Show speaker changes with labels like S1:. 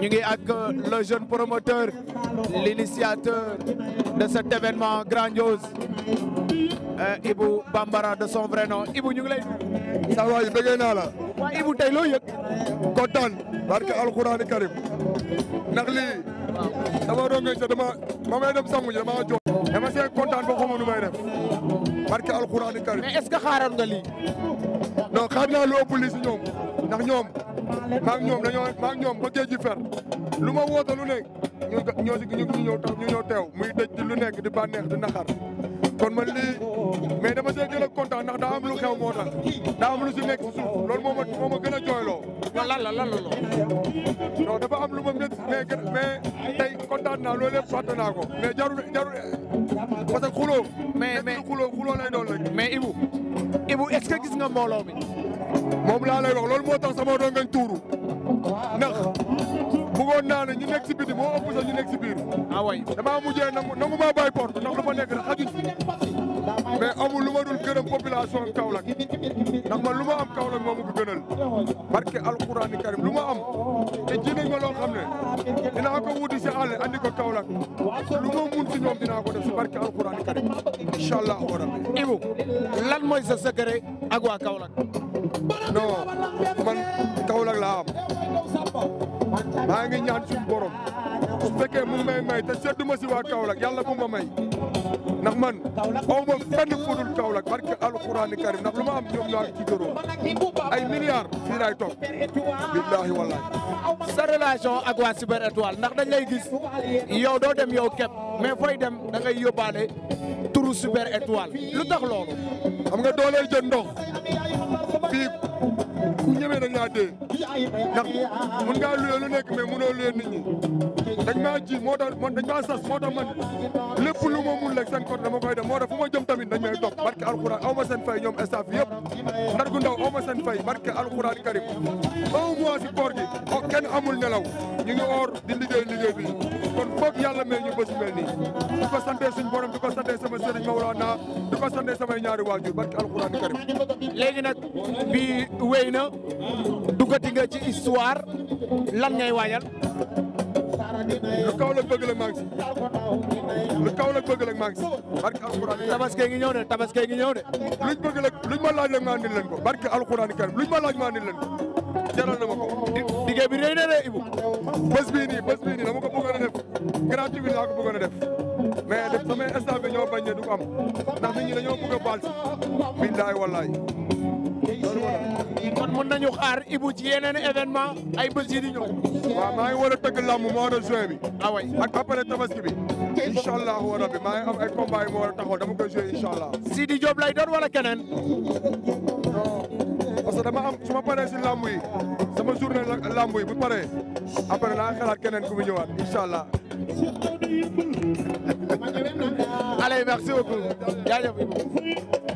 S1: ñu ngi ak euh, le jeune promoteur l'initiateur de cet événement grandiose euh, Ibou Bambara de son vrai nom Ibou ñu ngi lay. saa waay bëggee naa la. waa Ibou tey loo yëg. kontaan barke alxuraani karim ndax lii dama doon gëj dama ma may dem sangu ji dama jox. dama see kontaan ba xamu nu may def karim mais est-ce que xaaroon nga lii. non xaar naa lu ëpp lii si ndax ñoom maa ngi ñoom dañoo maa gi fer lu ma woote lu ne ñoo si ñu ñëw ñu ñëw teew muy dëj di lu nekk di bànneex di naxar kon ma lii mais dama see gën a kontaan ndax daa am lu xew moo tax daa am lu si nekk si suuf loolu moo ma moo ma gën a jooyloo. lan la lan la non dafa am lu ma mais gën mais tey kontaan naa loolu yëpp fàtte naa ko mais jarul jarul parce que xuloo. mais mais xuloo mais Ibou gis nga mbooloo mi. moom laa lay wax loolu moo tax sama doon ngañ tuuru ndax bëggoon naa ne ñu nekk si biti moo ëpp sax ñu nekk si biir ah way damaa mujjee nangu nangu maa bàyyi porte ndax lu ma nekk la xajuñ mais amul lu ma dul gërëm population Kaolack ndax man lu ma am Kaolack moomu ko gënal barke alquraan karim lu ma am te ji nañ loo xam ne dinaa ko wuti si àll andi ko Kaolack lu ma mun si ñoom dinaa ko def si barke alquraan karim incha allah rabbi mooy sa a ak a Kaolack. non man Kaolack laa am maa ngi ñaan suñu borom su fekkee mu may may te seddu ma si waa Kaolack yàlla bu ma may ndax man aw ma fenn fudul Kaolack barke alxuraani karim ndax lu ma am ñoom ñoo a doro ay milliards fii laay toog billaahi wallaahi sa a ak a Super Étoile ndax dañ lay gis yow doo dem yow képp mais fooy dem da ngay yóbbaale. rouge super étoile lu tax loolu. xam nga dooleel jën ndox fii ku ñemee dañ laa dee ndax mun ngaa luyee lu nekk mais munoo luyee nit ñi dañ maa ji moo tax man dañ maa sas moo tax man lépp lu ma mun rek seen côté dama koy def moo tax fu tamit dañ may topp barke alxuraan aw ma seen fay ñoom staff yëpp ndar gu ndaw aw ma seen fay barke alxuraan karim un mois koor gi o oh, kenn amul nelaw ñu ngi oor di liggéey liggéey bi kon foog yàlla may ñu bés mel nii ko sante suñ borom sëriñ Mawlana di ko sante samay ñaari waajur barki alxuraan karim léegi nag bi na duggati nga ci histoire lan ngay waajal lu kaw la bëgg la maa ngi si lu kaw la bëgg la maa ngi si barki alxuraan tabaski ngi ñëw ñëw de luñ bëgg la laaj la maa andil leen ko barki alxuraan karim luñ ma laaj ma andil leen ko jaral na ma ko liggéey bi rëy na de Ibou bés bii nii bés ko bëggoon a def gratuit bi laa ko bëggoon def mais def mais instant bi ñoo bañ ne du ko am ndax nit ñi dañoo bëgg a baal si billaay wallaay kon mën nañu xaar Ibou ci yeneen événement ay bés yi di ñëw. waaw maa ngi war a tëgg làmb mois de juin bi. ah oui ak après tabaski bi. incha allah rabi am ay combat yu ma war a taxaw dama koy joué incha allah. lay doon wala keneen. parce que dama am su ma paree si làmb yi sama journée làmb yi bu paree après naa xalaat keneen ku mu ñëwaat incha allez merci beaucoup jaajëf